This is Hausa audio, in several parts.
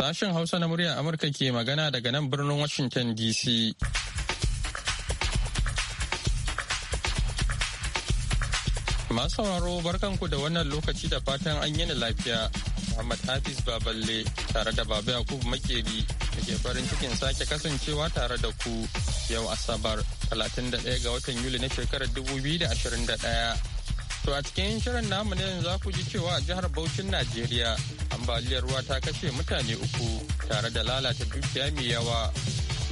Sashen Hausa na muryar Amurka ke magana daga nan birnin Washington DC. Masu sauraro barkanku da wannan lokaci da fatan an yi lafiya. Muhammad Hafiz Baballe tare da Baba Yakubu Makeri da ke farin cikin sake kasancewa tare da ku yau Asabar 31 ga watan Yuli na shekarar 2021. To a cikin shirin namu ne za ku ji cewa a jihar Bauchin Najeriya ambaliyar ruwa ta kashe mutane uku tare da lalata dukiya mai yawa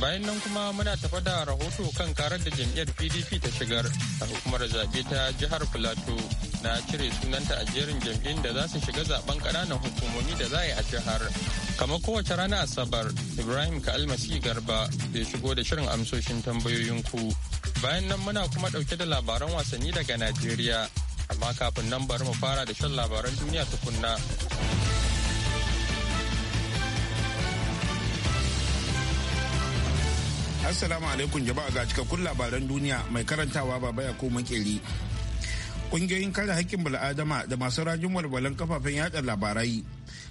bayan nan kuma muna tafa da rahoto kan karar da jam'iyyar pdp ta shigar a hukumar zaɓe ta jihar filato na cire sunanta a jerin jam'in da za su shiga zaben ƙananan hukumomi da za a yi a jihar kamar kowace rana asabar ibrahim kalmasi garba zai shigo da shirin amsoshin tambayoyinku bayan nan muna kuma ɗauke da labaran wasanni daga najeriya amma kafin nan bari mu fara da shan labaran duniya tukunna Assalamu alaikum jama'a ga cikakkun labaran duniya mai karantawa baba ya ko makeri. Kungiyoyin kare hakkin baladama da masu rajin walwalan kafafen yada labarai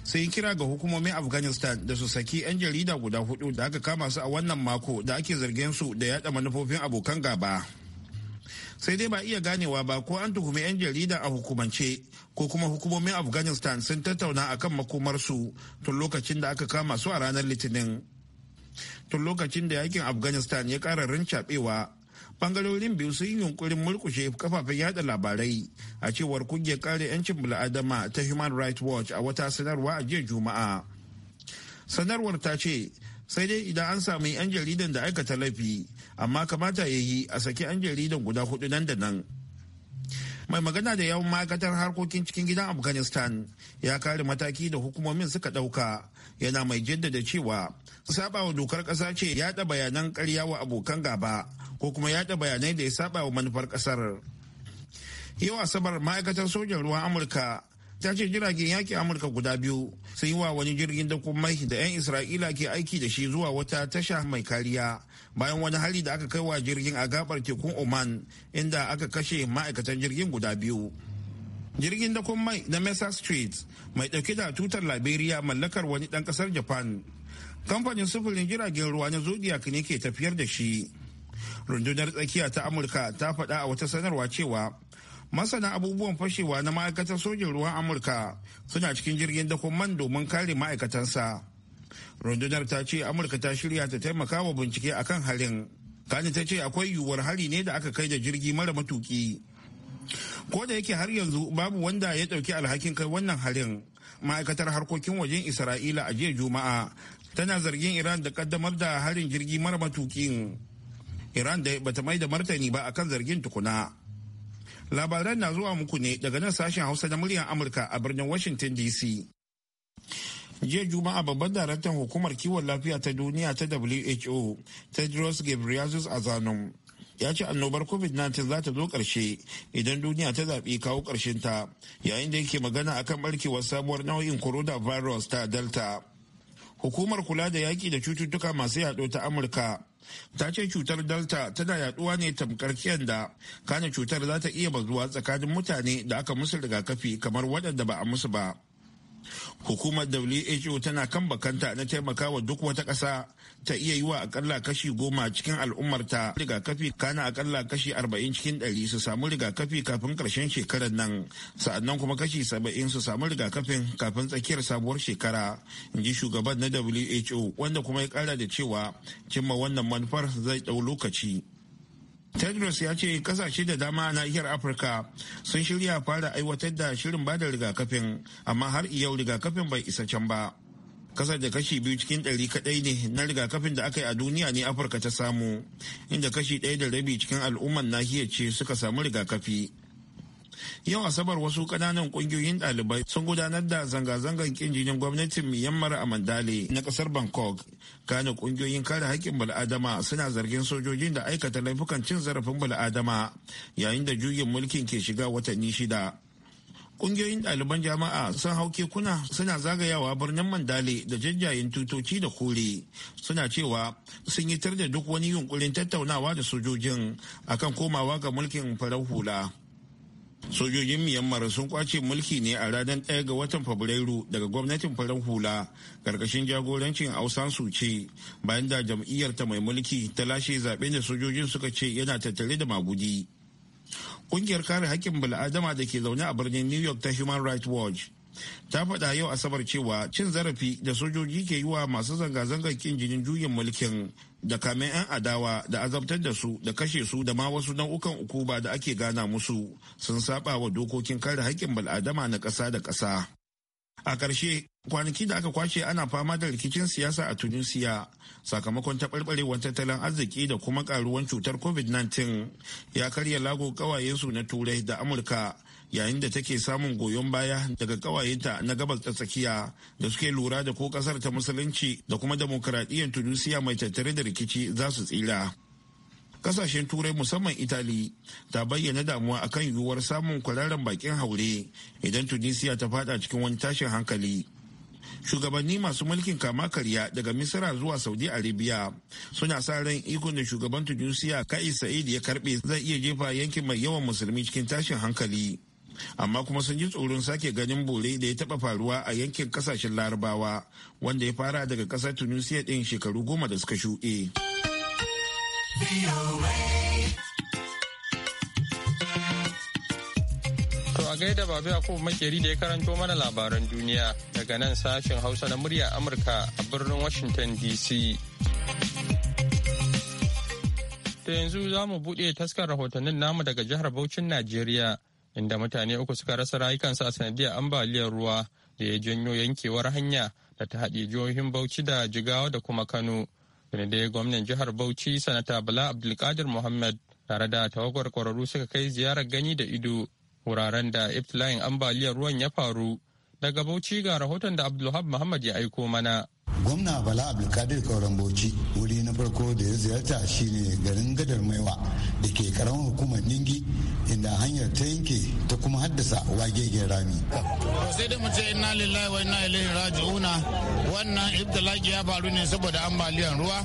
sai kira ga hukumomin Afghanistan da su saki 'yan jarida guda hudu da aka kama su a wannan mako da ake zargin su da yada manufofin abokan gaba. sai dai ba iya ganewa ba ko an tuhumi 'yan jarida a hukumance ko kuma hukumomin afghanistan sun tattauna akan makomarsu tun lokacin da aka kama su a ranar litinin tun lokacin da yakin afghanistan ya ƙara rincaɓewa bangarorin biyu sun yi yunkurin mulkushe kafafen yada labarai a cewar kungiyar kare 'yancin bil'adama ta human rights watch a wata sanarwa a jiya juma'a sanarwar ta ce sai dai idan an sami 'yan jaridan da aikata laifi amma kamata ya yi a saki 'yan jaridan guda hudu nan da nan mai magana da yawan ma'aikatar harkokin cikin gidan afghanistan ya kare mataki da hukumomin suka ɗauka yana mai jaddada cewa saba wa dokar ƙasa ce yaɗa bayanan karya wa abokan gaba ko kuma yaɗa bayanai da ya saba wa manufar ƙasar yau asabar ma'aikatar sojan ruwan amurka ta ce jiragen yakin amurka guda biyu sun yi wa wani jirgin da kuma da 'yan isra'ila ke aiki da shi zuwa wata tasha mai kariya bayan wani hali da aka kai wa jirgin a gabar tekun oman inda aka kashe ma'aikatan jirgin guda biyu jirgin da kuma mai na mesa street mai dauke da tutar liberia mallakar wani dan kasar japan kamfanin sufurin jiragen ruwa na zodiac ne ke tafiyar da shi rundunar tsakiya ta amurka ta faɗa a wata sanarwa cewa masana abubuwan fashewa na ma'aikatar sojin ruwan amurka suna cikin jirgin dakon man domin kare ma'aikatansa rundunar ta ce amurka ta shirya ta taimaka wa bincike akan halin kani ta ce akwai yiwuwar hari ne da aka kai da jirgi mara matuki ko da yake har yanzu babu wanda ya dauki alhakin kai wannan halin ma'aikatar harkokin wajen isra'ila a jiya juma'a tana zargin iran da kaddamar da harin jirgi mara matukin iran da bata mai da martani ba akan zargin tukuna labaran na zuwa muku ne daga nan sashen hausa na muryar amurka a birnin washington dc jiya juma'a babban daraktan hukumar kiwon lafiya ta duniya ta who tedros a azanum ya ce annobar covid-19 za ta zo ƙarshe idan duniya ta zaɓi kawo ta yayin da yake magana akan ɓarkewar sabuwar nau'in coronavirus ta delta hukumar kula da yaƙi da cututtuka masu yaɗo ta amurka ta ce cutar delta tana yaɗuwa ne tamkar kiyan da kane cutar za ta iya bazuwa tsakanin mutane da aka musu rigakafi kamar waɗanda ba a musu ba hukumar who tana kan bakanta na taimakawa duk wata ƙasa ta iya yi wa akalla kashi goma cikin al'ummarta rigakafi kana akalla kashi arba'in cikin ɗari su samu rigakafi kafin ƙarshen shekarar nan sa'annan kuma kashi saba'in su samu rigakafin kafin tsakiyar sabuwar shekara in ji shugaban na who wanda kuma ya kara da cewa cimma wannan manufar zai ɗau lokaci tedros ya ce kasashe da dama a nahiyar afirka sun shirya fara aiwatar da shirin bada rigakafin amma har yau rigakafin bai isa can ba kasar da kashi biyu cikin ɗari kaɗai ne na rigakafin da aka yi a duniya ne afirka ta samu inda kashi ɗaya da rabi cikin al'umman nahiyar ce suka samu rigakafi yau asabar wasu kananan kungiyoyin ɗalibai sun gudanar da zanga-zangar kin jinin gwamnatin myanmar a mandale na kasar bangkok kana kungiyoyin kare haƙƙin bal'adama suna zargin sojojin da aikata laifukan cin zarafin bal'adama yayin da juyin mulkin ke shiga watanni shida kungiyoyin ɗaliban jama'a sun hau kekuna suna zagayawa birnin mandale da jajjayen tutoci da kore suna cewa sun yi tar da duk wani yunkurin tattaunawa da sojojin akan komawa ga mulkin farar hula sojojin myanmar sun kwace mulki ne a ranar 1 ga watan fabrairu daga gwamnatin farar hula karkashin jagorancin ausan ce bayan da jam'iyyar ta mai mulki ta lashe zaben da sojojin suka ce yana tattare da magudi ƙungiyar kare hakkin bil'adama da ke zaune a birnin new york ta human rights watch ta faɗa yau asabar cewa cin zarafi da sojoji ke yi wa masu zanga-zangar kin jinin juyin mulkin da kamen 'yan adawa da azabtar da su da kashe su da ma wasu nau'ukan ukuba da ake gana musu sun saba wa dokokin kare haƙƙin bal'adama na ƙasa da ƙasa. A ƙarshe, kwanaki da aka kwashe ana fama da rikicin siyasa a Tunisia sakamakon taɓarɓarewar tattalin arziki da kuma ƙaruwar cutar COVID-19 ya karya lago ƙawayensu na Turai da Amurka yayin da take samun goyon baya daga kawayenta na gabas ta tsakiya da suke lura da ko kasar ta musulunci da kuma demokuraɗiyyar tunisiya mai tattare da rikici za su tsira kasashen turai musamman itali ta bayyana damuwa akan yiwuwar samun kwararren bakin haure idan tunisiya ta fada cikin wani tashin hankali shugabanni masu mulkin kama karya daga misira zuwa saudi arabia suna sa ran ikon da shugaban tunisiya kai sa'id ya karbe zai iya jefa yankin mai yawan musulmi cikin tashin hankali amma kuma sun ji tsoron sake ganin bore da ya taɓa faruwa a yankin kasashen larabawa wanda ya fara daga ƙasar tunisia ɗin shekaru goma da suka shuɗe. a da babu yakubu makeri da ya karanto mana labaran duniya daga nan sashen hausa na murya amurka a birnin washington dc da yanzu za mu buɗe taskar rahotannin namu daga jihar Bauchin Najeriya inda mutane uku suka rasa rayukansu a sanadiyar ambaliyar ruwa da ya janyo yankewar hanya da ta haɗe jihohin Bauchi da Jigawa da kuma Kano. Sanadiyar gwamnan jihar Bauchi sanata Bala Abdulkadir Muhammad tare da tawagar kwararru suka kai ziyarar gani da ido wuraren da iftilayin ambaliyar ruwan ya faru. Daga Bauchi ga rahoton da Abdulhab Muhammad ya aiko mana. Gwamna Bala Abdulkadir Kauran Bauchi wuri farko da ya ziyarta shine garin gadar maiwa da ke karamar hukumar ningi inda hanyar ta yanke ta kuma haddasa wagegen rami sai da mu ce inna lillahi wa inna ilaihi raji'una wannan ibtilaki ya faru ne saboda ambaliyar ruwa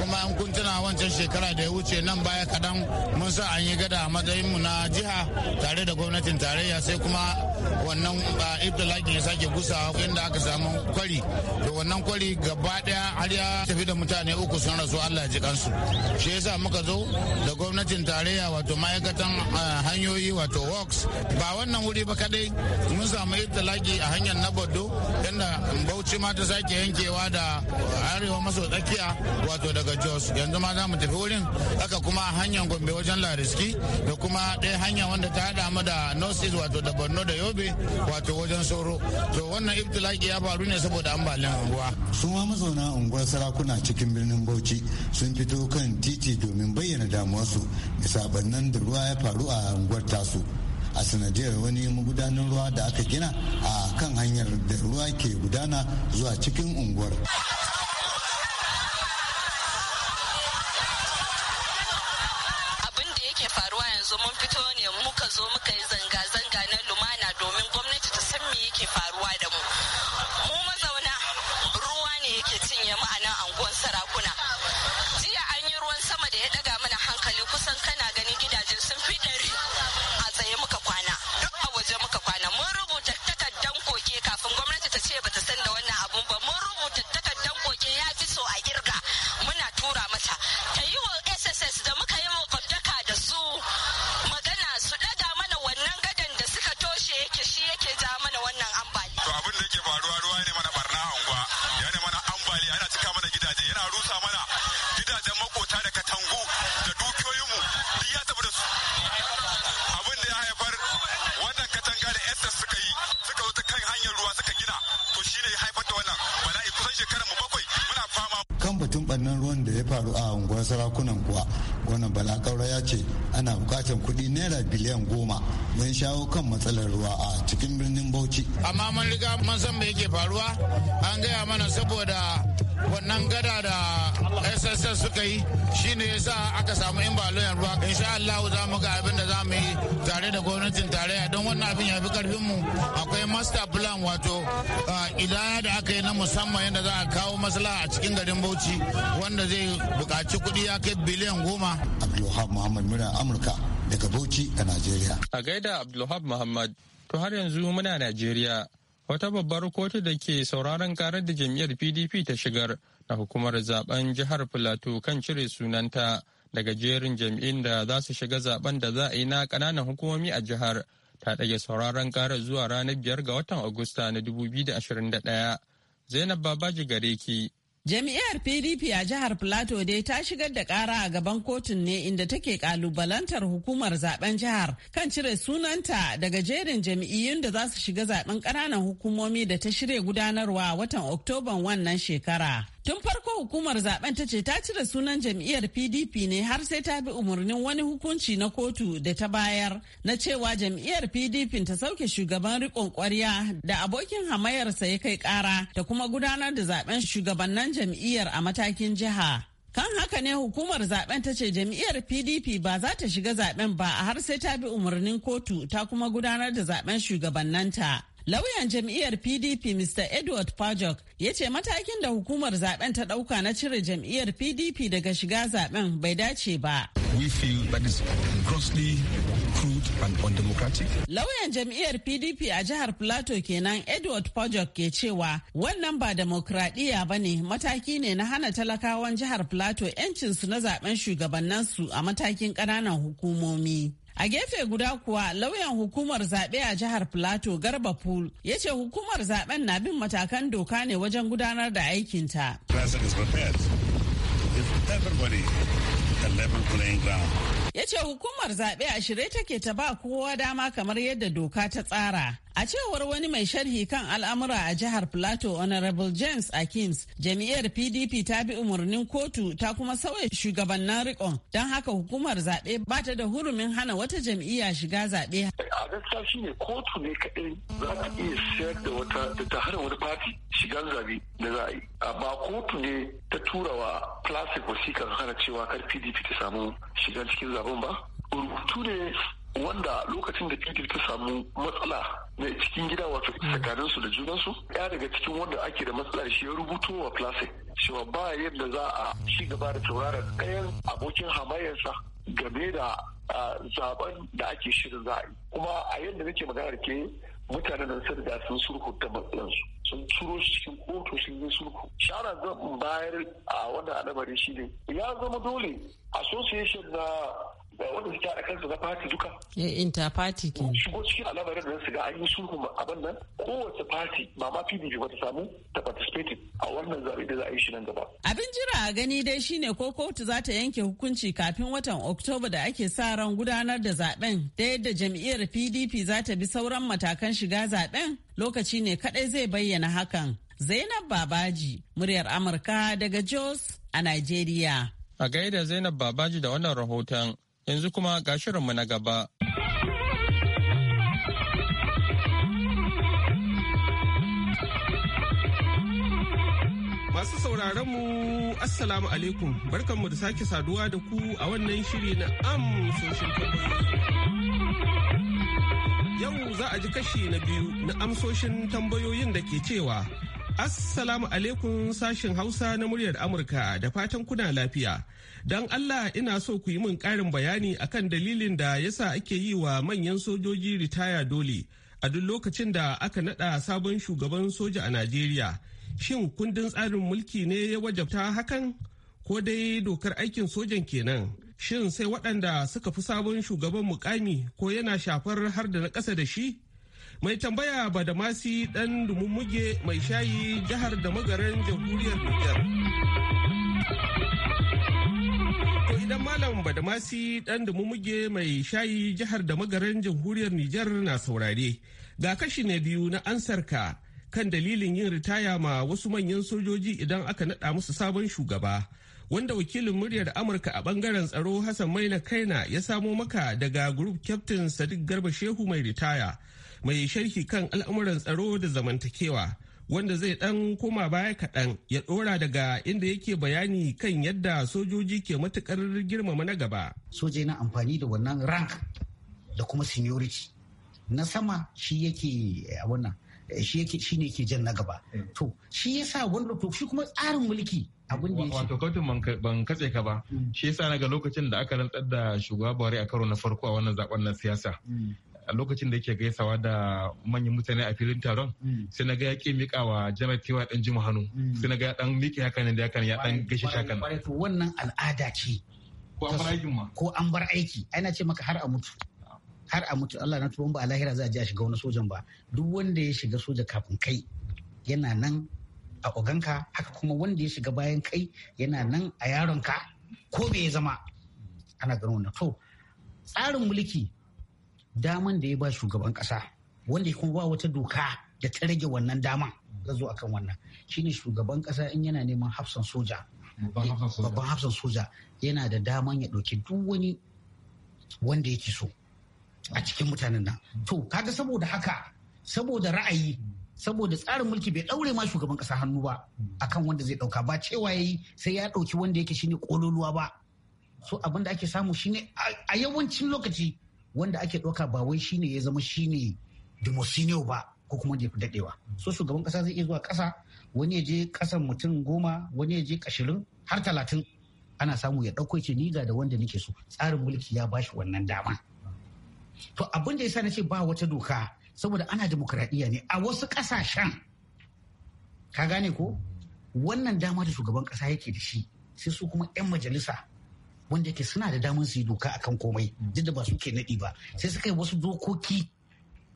kuma an kuntuna wancan shekara da ya wuce nan baya kadan mun sa an yi gada a matsayin mu na jiha tare da gwamnatin tarayya sai kuma wannan ibtilaki ya sake gusawa inda aka samu kwari to wannan kwari gaba daya har ya tafi da mutane uku sun rasu wato Allah ji kansu shi yasa muka zo da gwamnatin tarayya wato ma'aikatan hanyoyi wato works ba wannan wuri ba kadai mun samu italaki a hanyar na Bado yadda Bauchi ma ta sake yankewa da arewa maso tsakiya wato daga Jos yanzu ma za mu tafi wurin haka kuma hanyar Gombe wajen Lariski da kuma ɗaya hanya wanda ta hada mu da North East wato da Borno da Yobe wato wajen Soro to wannan ibtilaki ya faru ne saboda ambaliyar unguwa su ma mazauna unguwar sarakuna cikin birnin Bauchi sun fito kan titi domin bayyana damuwarsu bisa sabannin da ruwa ya faru a unguwar tasu a sanadiyar wani magudanar ruwa da aka gina a kan hanyar da ruwa ke gudana zuwa cikin unguwar. yanzu mun fito ne muka zo muka yi zanga-zanga na lumana domin gwamnati ta san me yake faruwa da mu hanyar ruwa suka gina to ne ya haifar da wannan bala'i kusan shekarar mu bakwai muna fama kan batun bannan ruwan da ya faru a unguwar sarakunan kuwa gwamnan bala kaura ya ce ana bukatar kuɗi naira biliyan goma don shawo kan matsalar ruwa a cikin birnin bauchi amma mun riga mun san me yake faruwa an gaya mana saboda wannan gada da sss suka yi shi shine yasa aka samu imbaloyan ruwa insha Allah za mu ga abin da za mu yi tare da gwamnatin tarayya don wannan abin ya fi karfin mu akwai master plan wato idaya da aka yi na musamman yadda za a kawo masala a cikin garin Bauchi wanda zai buƙaci kuɗi ya kai biliyan goma Abdullahi Muhammad muna Amurka daga Bauchi a Najeriya a gaida Muhammad to har yanzu muna Najeriya wata babbar kotu da ke sauraron karar da jam'iyyar pdp ta shigar na hukumar zaben jihar filato kan cire sunanta daga jerin jam'in da za su shiga zaben da za a yi na kananan hukumomi a jihar ta ɗage sauraron karar zuwa ranar biyar ga watan agusta na 2021 zainab babaji gare ki Jami'ar PDP a jihar Plateau dai ta shigar da kara a gaban kotun ne inda take kalubalantar hukumar zaben jihar kan cire sunanta daga jerin jami'iyyun da za su shiga zaben ƙananan hukumomi da ta shirya gudanarwa watan Oktoban wannan shekara. Tun farko hukumar zaben ta ce ta cire sunan jam'iyyar PDP ne har sai ta bi umarnin wani hukunci na kotu da ta bayar na cewa jam'iyyar PDP ta sauke shugaban rikon kwarya da abokin hamayarsa ya kai kara da kuma gudanar da zaben shugabannin jam'iyyar a matakin jiha. kan haka ne hukumar zaben ta ce jam'iyyar pdp ba za ta shiga zaben ba har sai ta bi umarnin kotu ta kuma gudanar da zaben shugabannanta Lauyan jam'iyyar PDP Mr. Edward Pajok ya ce matakin da hukumar zaben ta dauka na cire jam'iyyar PDP daga shiga zaben bai dace ba. Lauyan jam'iyyar PDP a jihar Plateau kenan Edward Pajok ke cewa wannan ba demokradiyya ba ne mataki ne na hana talakawan jihar Plateau 'yancinsu na zaben shugabanninsu a matakin ƙananan hukumomi. A gefe guda kuwa lauyan hukumar zaɓe a jihar Plateau Garba Pool ya ce hukumar zaɓen na bin matakan doka ne wajen gudanar da aikinta. The President is prepared. If everybody 11 playing ground. ya ce hukumar zaɓe a shirye take ta ba kowa dama kamar yadda doka ta tsara a cewar wani mai sharhi kan al'amura a jihar plateau honorable james akins jami'ar pdp ta bi umarnin kotu ta kuma sauya shugabannin rikon don haka hukumar zaɓe ba ta da hurumin hana wata jam'iyya shiga zaɓe a gaskiya ne kotu ne kaɗai za ta iya sayar da ta hana wani fati zaɓe da za a yi kotu ne ta turawa plastic wasikar hana cewa kar pdp ta samu shiga cikin zaben ba rubutu ne wanda lokacin da pdp ta samu matsala na cikin gida wato tsakanin su da junansu ya daga cikin wanda ake da matsala shi ya rubuto wa plastic cewa ba yadda za a ci gaba da tauraron ɗayan abokin hamayensa game da zaben da ake shirin za a yi kuma a yadda nake magana ke mutanen nan sun riga sun ta matsalansu sun turo shi cikin kotu sun yi sulhu shara zan bayar a wannan al'amari shi ne ya zama dole association na wanda suke haɗa kansu na fati duka. ya inta fati ke. Shigo cikin al'amarin da su ga an yi sulhu abin nan kowace fati ba ma PDP ba ta samu ta participate a wannan zaɓe da za a yi shi nan gaba. Abin jira a gani dai shine ko kotu za ta yanke hukunci kafin watan Oktoba da ake sa ran gudanar da zaben da yadda jam'iyyar PDP za ta bi sauran matakan shiga zaben lokaci ne kadai zai bayyana hakan. Zainab Babaji, muryar Amurka daga Jos a nigeria. A gaida Zainab Babaji da wannan rahoton Yanzu kuma ga shirinmu na gaba. Masu sauraronmu Assalamu alaikum barkanmu da sake saduwa da ku a wannan shiri na amsoshin tambayoyi. Yau za a ji kashi na biyu na amsoshin tambayoyin da ke cewa Assalamu alaikum sashin Hausa na muryar Amurka da fatan kuna lafiya. Don Allah ina so ku yi min ƙarin bayani akan dalilin da yasa ake yi wa manyan sojoji ritaya dole a duk lokacin da aka naɗa sabon shugaban soja a Najeriya. Shin kundin tsarin mulki ne ya wajabta hakan? Ko dai dokar aikin sojan kenan? Shin sai waɗanda suka fi sabon shugaban mukami ko yana shafar har da na ƙasa da shi? mai tambaya badamasi dan dumummuge mai shayi jihar da magaran jamhuriyar nijar idan malam badamasi dan dumummuge mai shayi jihar da magaran jamhuriyar nijar na saurare ga kashi na biyu na ansarka kan dalilin yin ritaya ma wasu manyan sojoji idan aka naɗa musu sabon shugaba wanda wakilin muryar amurka a bangaren tsaro hassan maina kaina ya samo maka daga group captain sadiq garba shehu mai ritaya mai sharhi kan al'amuran tsaro da zamantakewa wanda zai dan koma baya kaɗan ya ɗora daga inda yake bayani kan yadda sojoji ke matukar girmama na gaba. Soja yana amfani da wannan rank da kuma seniority na sama shi yake wannan eh, eh, shi yake shi ne ke jan na gaba eh. to shi yasa wanda to shi kuma tsarin mulki abin da wato kautin ban katse ka ba mm. shi yasa ga lokacin da aka rantsar da shugaba Buhari a karo na farko a wannan zaben na siyasa mm. a lokacin da yake gaisawa da manyan mutane a filin taron mm. sai na ga ya ke mika wa janar tewa ɗan jima hannu mm. sai na ga ɗan miki haka ne da haka ya ɗan gaishe shakan to wannan al'ada ce ko an bar aikin ma ko an bar aiki ai na ce maka har a mutu har a mutu Allah na tuban ba a lahira za a ji a shiga wani sojan ba duk wanda ya shiga soja kafin kai yana nan a oganka haka kuma wanda ya shiga bayan kai yana nan a yaronka ko me ya zama ana ganin wannan to tsarin mulki daman da ya ba shugaban kasa wanda kuma ba wata doka da ta rage wannan dama ta zo akan wannan shine shugaban kasa in yana neman hafsan soja babban hafsan soja yana da daman ya ɗauki duk wani wanda yake so a cikin mutanen nan to kaga saboda haka saboda ra'ayi saboda tsarin mulki bai daure ma shugaban kasa hannu ba akan wanda zai dauka ba cewa yayi sai ya dauki wanda yake shine kololuwa ba so abin da ake samu shine a yawancin lokaci wanda ake ɗauka ba wai shine ya zama shine demosinio ba ko kuma fi daɗewa so shugaban ƙasa zai iya zuwa ƙasa wani ya je ƙasan mutum goma wani ya je ashirin har talatin ana samu ya ɗauko ce ni da wanda nake so tsarin mulki ya bashi wannan dama to abin da yasa ce ba wata doka saboda ana demokradiyya ne a wasu ƙasashen ka gane ko wannan dama da shugaban ƙasa yake da shi sai su kuma 'yan majalisa wanda yake suna da damar su yi doka akan komai duk da ba su ke naɗi ba sai suka yi wasu dokoki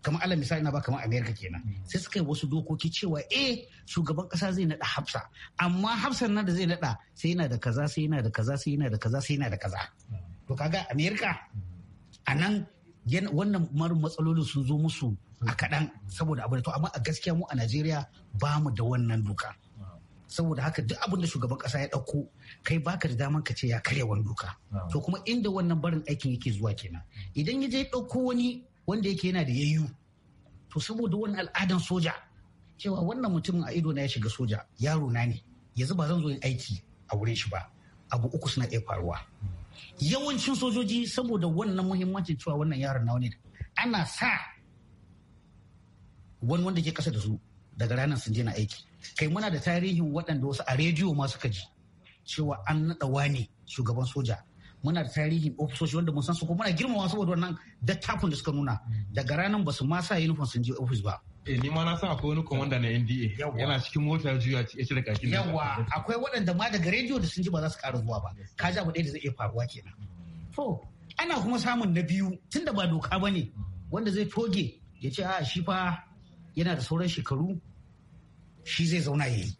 kamar alal misali na ba kamar amerika kenan sai suka yi wasu dokoki cewa eh shugaban kasa zai nada hafsa amma hafsa na da zai naɗa sai yana da kaza sai yana da kaza sai yana da kaza sai yana da kaza to kaga amerika a nan wannan marin matsalolin sun zo musu a kaɗan saboda abu da to amma a gaskiya mu a najeriya ba mu da wannan doka saboda haka duk abin da shugaban kasa ya ɗauko kai baka da daman ka ce ya karya wani doka ah. to kuma inda wannan barin aikin yake zuwa kenan idan ya je dauko wani wanda yake yana da yayyu to saboda wani al'adan soja cewa wannan mutumin a ido na ya shiga soja yaro na ne yanzu ba zan zo yin aiki a wurin shi ba abu uku suna iya faruwa yawancin sojoji saboda wannan muhimmancin cewa wannan yaron na wani ana sa wani wanda ke kasa da su daga ranar sun je na aiki kai muna da tarihin waɗanda wasu a rediyo ma suka ji cewa an naɗa wani shugaban soja muna da tarihin ofisoshi wanda mun san su ko muna girmama saboda wannan dattakun da suka nuna daga ranar ba su ma sa uniform sun je ofis ba eh ni ma na san akwai wani komanda na NDA yana cikin mota juya ya cire kakin yawa akwai waɗanda ma daga rediyo da sun ji ba za su ƙara zuwa ba ka ja ba ɗaya da zai iya faruwa kenan to ana kuma samun na biyu tunda ba doka bane wanda zai toge ya ce a ah, shi fa yana da sauran shekaru shi zai zauna ya yi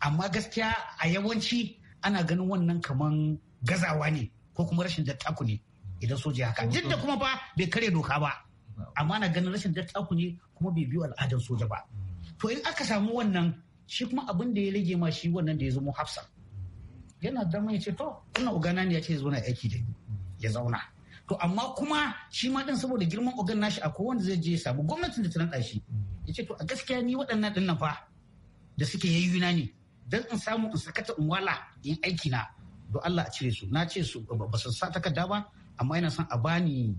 amma gaskiya a yawanci ana ganin wannan kaman gazawa ne ko kuma rashin dattaku ne idan soja haka duk da kuma ba bai kare doka ba amma na ganin rashin dattaku ne kuma bai biyo al'adar soja ba to in aka samu wannan shi kuma abin da ya rage ma shi wannan da ya zama hafsa yana da ya ce to wannan ogana ne ya ce zo na aiki da ya zauna to amma kuma shi ma din saboda girman ogan nashi akwai wanda zai je ya samu gwamnatin da ta naɗa shi ya ce to a gaskiya ni waɗannan ɗin nan fa da suke yayyuna ne don in samu in sakata in wala in aiki na don Allah a cire su na ce su ba su sa takarda ba amma ina son a bani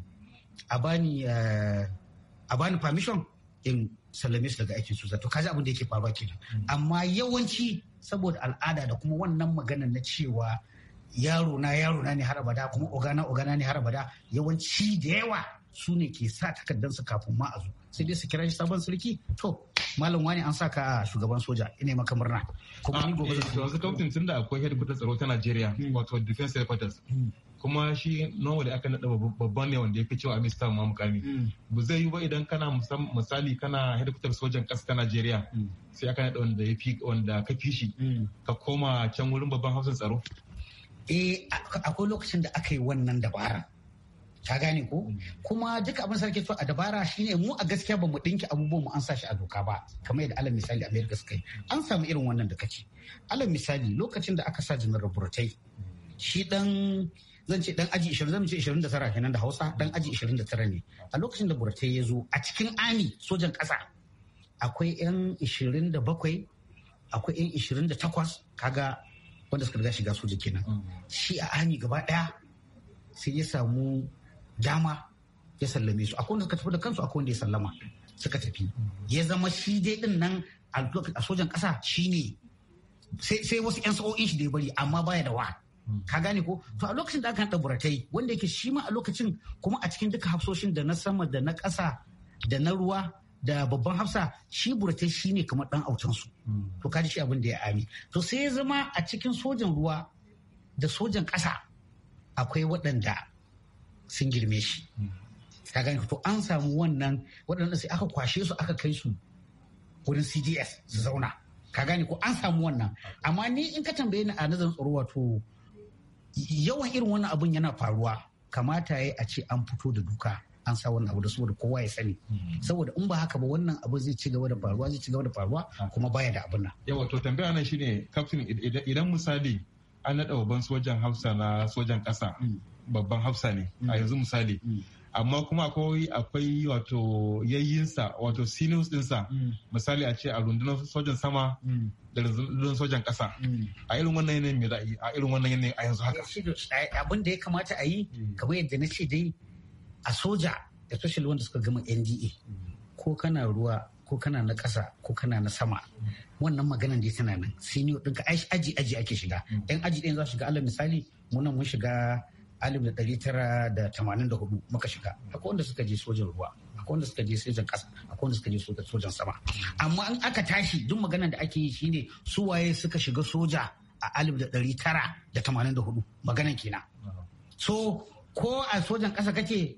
a bani eh, a bani permission in sallame su daga aikin su zato kaji abin da yake faruwa kenan amma yawanci saboda al'ada da kuma wannan magana na cewa yaro na yaro na ne har abada kuma ogana ogana ne har abada yawanci da yawa su ne ke sa sa kafin ma a zo sai dai su kira shi sabon sarki to malam wani an saka a shugaban soja ina maka murna kuma ni gobe zan ah, eh, tunda akwai headquarters tsaro ta Najeriya hmm. wato defense headquarters hmm. kuma shi nawa da aka nada babban ne wanda ya fi cewa a mista ma mukami hmm. ba zai yi ba idan kana misali kana headquarters sojan kasa ta Najeriya sai aka nada wanda ya fi wanda ka fi shi ka koma can wurin babban hausan tsaro eh akwai lokacin da aka yi wannan dabara ka gane ko mm. kuma duka abin sarki so a dabara shine mu a gaskiya ba mu dinki abubuwan mu an sa shi a doka ba kamar yadda alal misali america suka yi mm. an samu irin wannan da kace alal misali lokacin da aka sa janar burtai mm. shi dan zan ce dan aji 20 zan ce 29 kenan da Hausa dan aji 29 ne a lokacin da burtai ya zo a cikin ami sojan kasa akwai yan 27 akwai yan 28 kaga wanda suka riga shiga soja kenan shi a ami gaba daya sai ya samu dama ya sallame su akwai wanda suka tafi da kansu akwai wanda ya sallama suka tafi ya zama shi dai din nan a sojan kasa ne. sai wasu yan sa'o'in shi da ya bari amma baya da wa ka gane ko to a lokacin da aka haɗa buratai wanda yake shi ma a lokacin kuma a cikin duka hafsoshin da na sama da na ƙasa da na ruwa da babban hafsa shi buratai shi ne kamar ɗan su. Hmm. to kaji shi abin da ya ami to sai ya zama a cikin sojan ruwa da sojan ƙasa akwai waɗanda sun girme shi ka gane to an samu wannan waɗanda sai aka kwashe su aka kai su wurin cds su zauna ka gane ko an samu wannan amma ni in ka tambaye ni a nazarin tsaro wato yawan irin wannan abun yana faruwa kamata ya a ce an fito da duka an sa wannan abu da saboda kowa ya sani hmm. saboda in ba haka ba wannan abu zai ci gaba da faruwa zai ci gaba da faruwa kuma baya da abin nan yawa to tambaya nan shine captain idan misali an naɗa babban sojan hausa na sojan ƙasa hmm. babban hafsa ne a mm. yanzu misali mm. amma kuma akwai akwai wato yayyinsa wato sinus dinsa mm. misali a ce a rundunar sojan sama da rundunar sojan kasa a irin wannan yanayin me ra'ayi a irin wannan yanayin a yanzu haka abin da ya kamata a yi kamar yadda na ce dai a soja da social wanda suka gama NDA ko kana ruwa ko kana na ƙasa ko kana na sama wannan maganan dai tana nan senior ɗinka aji aji ake shiga yan aji ɗin za shiga alal misali munan mun shiga 1984 muka shiga akwai wanda suka je sojan ruwa akwai wanda suka je sojan kasa akwai wanda suka je sojan sama amma in aka tashi duk maganar da ake yi shine su waye suka shiga soja a 1984 maganar kenan so ko a sojan kasa kake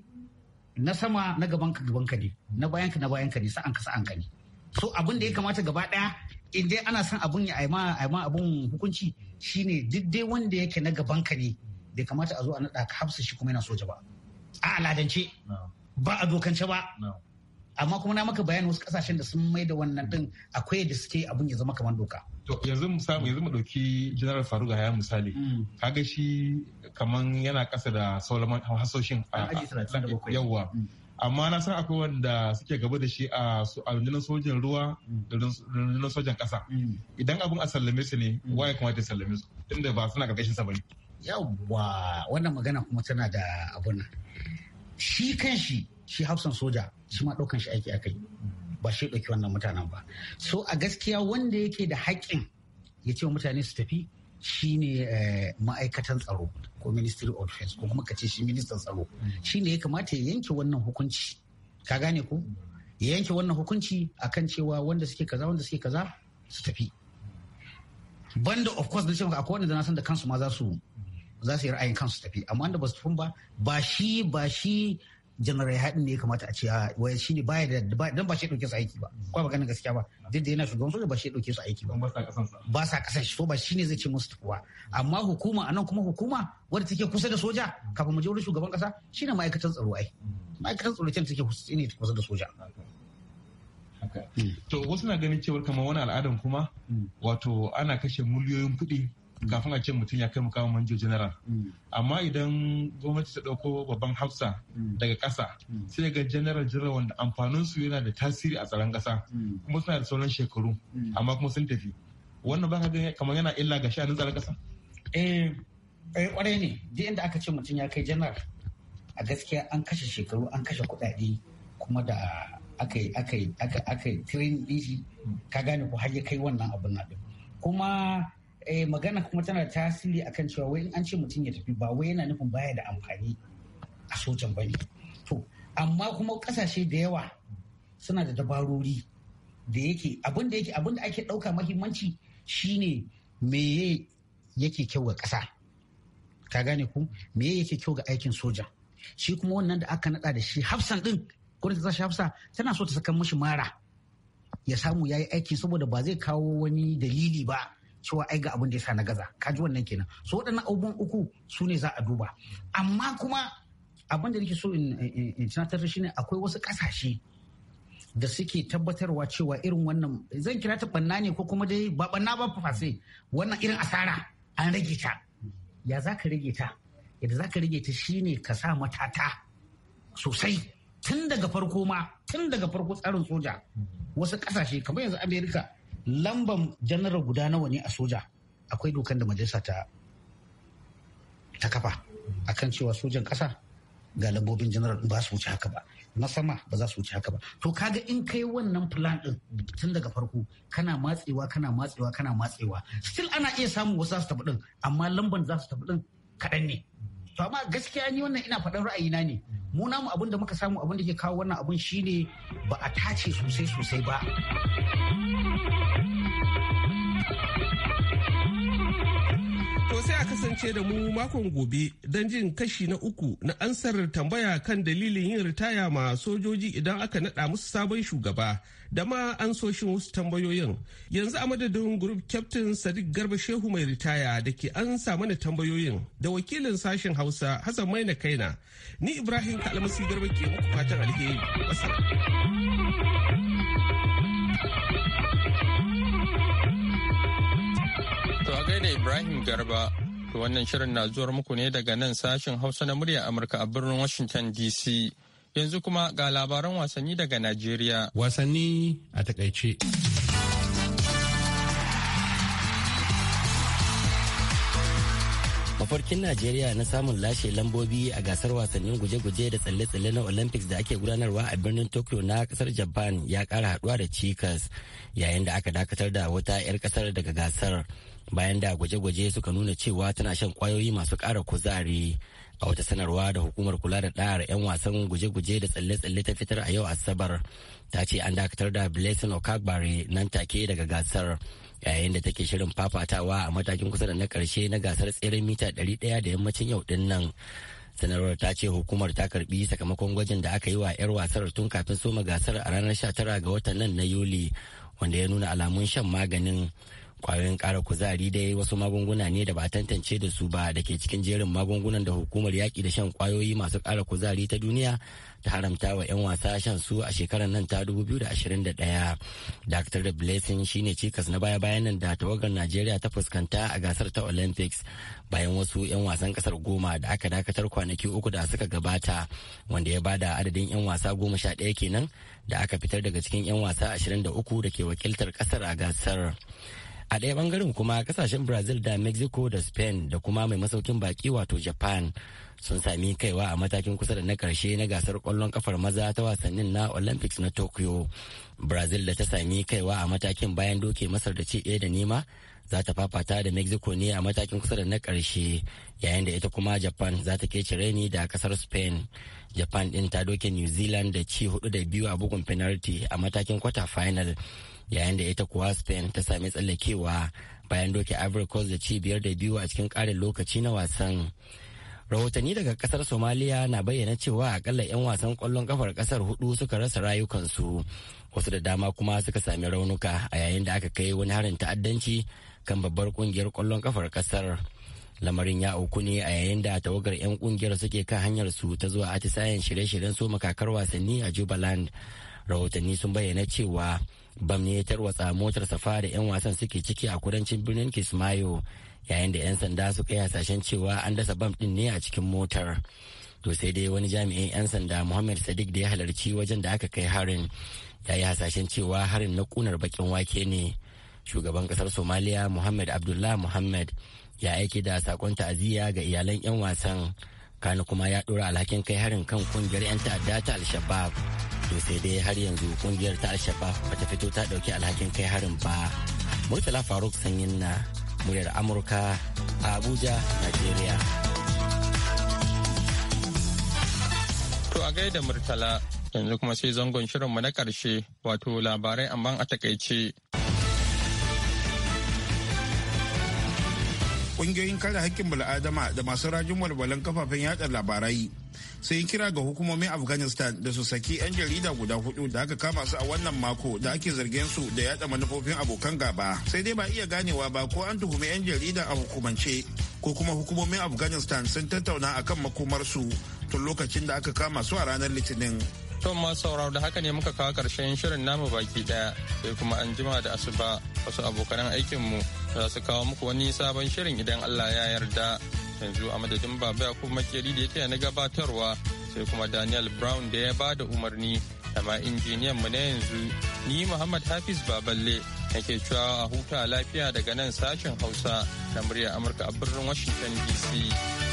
na sama na gaban ka gaban ka ne na bayan ka na bayan ka ne sa'an ka sa'an ka ne so abin da ya kamata gaba daya in dai ana son abun ya aima aima abun hukunci shine duk dai wanda yake na gaban ka ne bai kamata a zo a naɗa ka hafsa shi kuma yana soja ba a aladance ba a dokance ba amma kuma na maka bayani wasu kasashen da sun mai da wannan din akwai da suke abun ya zama kamar doka to yanzu mu samu yanzu mu dauki general faruga ya misali mm. kaga shi kaman yana kasa da Solomon hasoshin yawwa mm. amma na san akwai wanda suke gaba da shi a mm. rundunar sojan ruwa da rundunar sojan kasa idan abun a sallame su ne waye kamata ya sallame su tunda ba suna karkashin sa sabani yawwa wannan magana kuma tana da abun nan shi kan shi shi hafsan soja shi ma ɗaukan shi aiki kai. ba shi ɗauki wannan mutanen ba so a gaskiya wanda yake da haƙƙin ya ce mutane su tafi shine eh, ma'aikatan tsaro ko ministry of defense ko kuma kace shi ministan tsaro shine ya kamata ya yanke wannan hukunci ka gane ko ya yanke wannan hukunci akan cewa wanda suke kaza wanda suke kaza su tafi banda of course na ce akwai wanda na san da kansu ma za su za su yi ra'ayin kansu tafi amma da ba su tafi ba ba shi ba shi janar haɗin ne ya kamata a ce waya shi ne baya da dan ba shi ɗauke su aiki ba kuma maganin gaskiya ba duk da yana shugaban soja ba shi ɗauke su aiki ba ba sa kasan shi so ba shi ne zai ce musu tafuwa amma hukuma anan kuma hukuma wadda take kusa da soja kafin mu je wurin shugaban kasa shi ne ma'aikatan tsaro ai ma'aikatan tsaro ce take kusa da soja to wasu na ganin cewar kamar wani al'adan kuma hmm. wato ana kashe miliyoyin kuɗi kafin a ce mutum ya kai mukamin manjo general mm. amma idan gwamnati ta dauko babban hafsa mm. daga kasa mm. sai ga general general wanda amfanin su yana da tasiri a tsaron kasa kuma suna da sauran shekaru amma kuma sun tafi wannan ba ga kamar yana illa ga a tsaron kasa eh kware eh, ne duk inda aka ce mutum ya kai general a gaskiya an kashe shekaru an kashe kuɗaɗe kuma da aka yi aka yi aka yi din ka gane ko har ya kai wannan abun nan kuma eh, magana kuma tana tasiri akan cewa wai in an ce mutum ya tafi ba wai yana nufin baya da amfani a sojan bane to amma kuma kasashe da yawa suna da dabarori da yake abin da yake abin da ake dauka mahimmanci shine me yake kyau ga kasa ka gane ku Me yake kyau ga aikin soja shi kuma wannan da aka nada da shi hafsan din gwamnati ta hafsa tana so ta saka mashi mara ya samu ya yi aiki saboda ba zai kawo wani dalili ba cewa ai ga abin da ya sa na gaza kaji wannan kenan su waɗannan abubuwan uku su ne za a duba amma kuma abin da nake so in tunatar shi ne akwai wasu ƙasashe da suke tabbatarwa cewa irin wannan zan kira ta banna ne ko kuma dai ba banna ba fafase wannan irin asara an rage ta ya za ka rage ta yadda za ka rage ta shine ka sa matata sosai tun daga farko ma tun daga farko tsarin soja wasu kasashe kamar yanzu amerika lamban janaral guda nawa ne a soja akwai dokan da majalisa ta ta kafa kan cewa sojan kasa ga lambobin janaral ba su wuce haka ba na sama ba za su wuce haka ba to kaga in kai wannan plan din tun daga farko kana matsewa kana matsewa kana matsewa still ana iya samun wasu za su tafi din amma lamban za su tafi din kaɗan ne to amma gaskiya ni wannan ina faɗin ra'ayina ne mu namu abin da muka samu abin da ke kawo wannan abin shine ba a tace sosai sosai ba To sai a kasance da mu makon gobe don jin kashi na uku na ansar tambaya kan dalilin yin ritaya ma sojoji idan aka naɗa musu sabon shugaba da ma ansoshin wasu tambayoyin. Yanzu a madadin grup Captain Sadiq Garba Shehu mai ritaya da ke an samu mana tambayoyin da wakilin sashen Hausa Hassan na Kaina. Ni Ibrahim Kalmasi Garba ke muku fatan alheri. da Ibrahim Garba. To wannan shirin na zuwar muku ne daga nan sashen Hausa na murya Amurka a birnin Washington DC. Yanzu kuma ga labaran wasanni daga Najeriya. Wasanni a takaice. mafarkin najeriya na samun lashe lambobi a gasar wasannin guje-guje da tsalle-tsalle na olympics da ake gudanarwa a birnin tokyo na kasar japan ya kara haduwa da cikas yayin da aka dakatar da wata 'yar kasar daga gasar bayan da gwaje-gwaje suka nuna cewa tana shan kwayoyi masu kara kuzari a wata sanarwa da hukumar kula da ɗayar 'yan wasan guje-guje da tsalle-tsalle ta fitar a yau asabar ta ce an dakatar da blessing okagbare nan take daga gasar yayin da take shirin fafatawa a matakin kusa da na karshe na gasar tseren mita 100 da yammacin yau din nan sanarwar ta ce hukumar ta karbi sakamakon gwajin da aka yi wa 'yar wasar tun kafin soma gasar a ranar 19 ga watan nan na yuli wanda ya nuna alamun shan maganin kwayoyin ƙara kuzari dai wasu magunguna ne da ba tantance da su ba da ke cikin jerin magungunan da hukumar yaƙi da shan kwayoyi masu ƙara kuzari ta duniya ta haramta wa 'yan wasa shan su a shekarar nan ta 2021 dr blessing shine cikas na baya-bayan nan da tawagar najeriya ta fuskanta a gasar ta olympics bayan wasu 'yan wasan kasar goma da aka dakatar kwanaki uku da suka gabata wanda ya bada adadin 'yan wasa goma sha ɗaya kenan da aka fitar daga cikin 'yan wasa 23 da ke wakiltar kasar a gasar. a ɗaya bangaren kuma kasashen brazil da mexico da spain da kuma mai masaukin baki wato japan sun sami kaiwa a matakin kusa da na karshe na gasar kwallon kafar maza ta wasannin na olympics na tokyo brazil da ta sami kaiwa a matakin bayan doke masar da ci ɗaya da nema za ta fafata da mexico ne a matakin kusa da na karshe yayin da ita kuma japan za ta kece reni da kasar spain japan din ta doke new zealand da ci hudu da biyu a bugun penalty a matakin kwata final yayin da ita kuwa spain ta sami tsallakewa bayan doke ivory coast da ci biyar da biyu a cikin karin lokaci na wasan rahotanni daga kasar somaliya na bayyana cewa akalla 'yan wasan kwallon kafar kasar hudu suka rasa rayukansu wasu da dama kuma suka sami raunuka a yayin da aka kai wani harin ta'addanci kan babbar kungiyar kwallon kafar kasar lamarin ya auku ne a yayin da tawagar 'yan kungiyar suke kan hanyar su ta zuwa atisayen shirye-shiryen so kakar wasanni a jubaland rahotanni sun bayyana cewa bam ne ya tarwatsa motar safa da 'yan wasan suke ciki a kudancin birnin kismayo yayin da 'yan sanda suka yi hasashen cewa an dasa bam din ne a cikin motar to sai dai wani jami'in 'yan sanda muhammad sadiq da ya halarci wajen da aka kai harin ya yi hasashen cewa harin na kunar bakin wake ne shugaban kasar somaliya muhammad abdullah muhammad ya aiki da sakon ta'aziyya ga iyalan 'yan wasan kano kuma ya dora alhakin kai harin kan kungiyar 'yan ta'adda ta al to sai dai har yanzu kungiyar ta al-shabab bata fito ta dauki alhakin kai harin ba murtala faruk sanyin na muryar amurka a abuja nigeria to a gaida murtala yanzu kuma sai zangon shirinmu na karshe wato labarai amma a takaice kungiyoyin kare hakkin bala'adama da masu rajin walwalan kafafen yada labarai sai kira ga hukumomin afghanistan da su saki 'yan jarida guda hudu da aka kama su a wannan mako da ake zargin su da yada manufofin abokan gaba sai dai ba iya ganewa ba ko an tuhumi 'yan jarida a hukumance ko kuma hukumomin afghanistan sun tattauna akan makomarsu tun lokacin da aka kama su a ranar litinin To ma sauraro da haka ne muka kawo karshen shirin namu baki daya sai kuma an jima da asuba wasu abokan aikinmu za su kawo muku wani sabon shirin idan Allah ya yarda yanzu a madadin baba ya kuma makeri da ya taya na gabatarwa sai kuma Daniel Brown da ya bada umarni da ma injiniyan mu na yanzu ni Muhammad Hafiz Baballe nake cewa a huta lafiya daga nan sashen Hausa na murya Amurka a birnin Washington DC.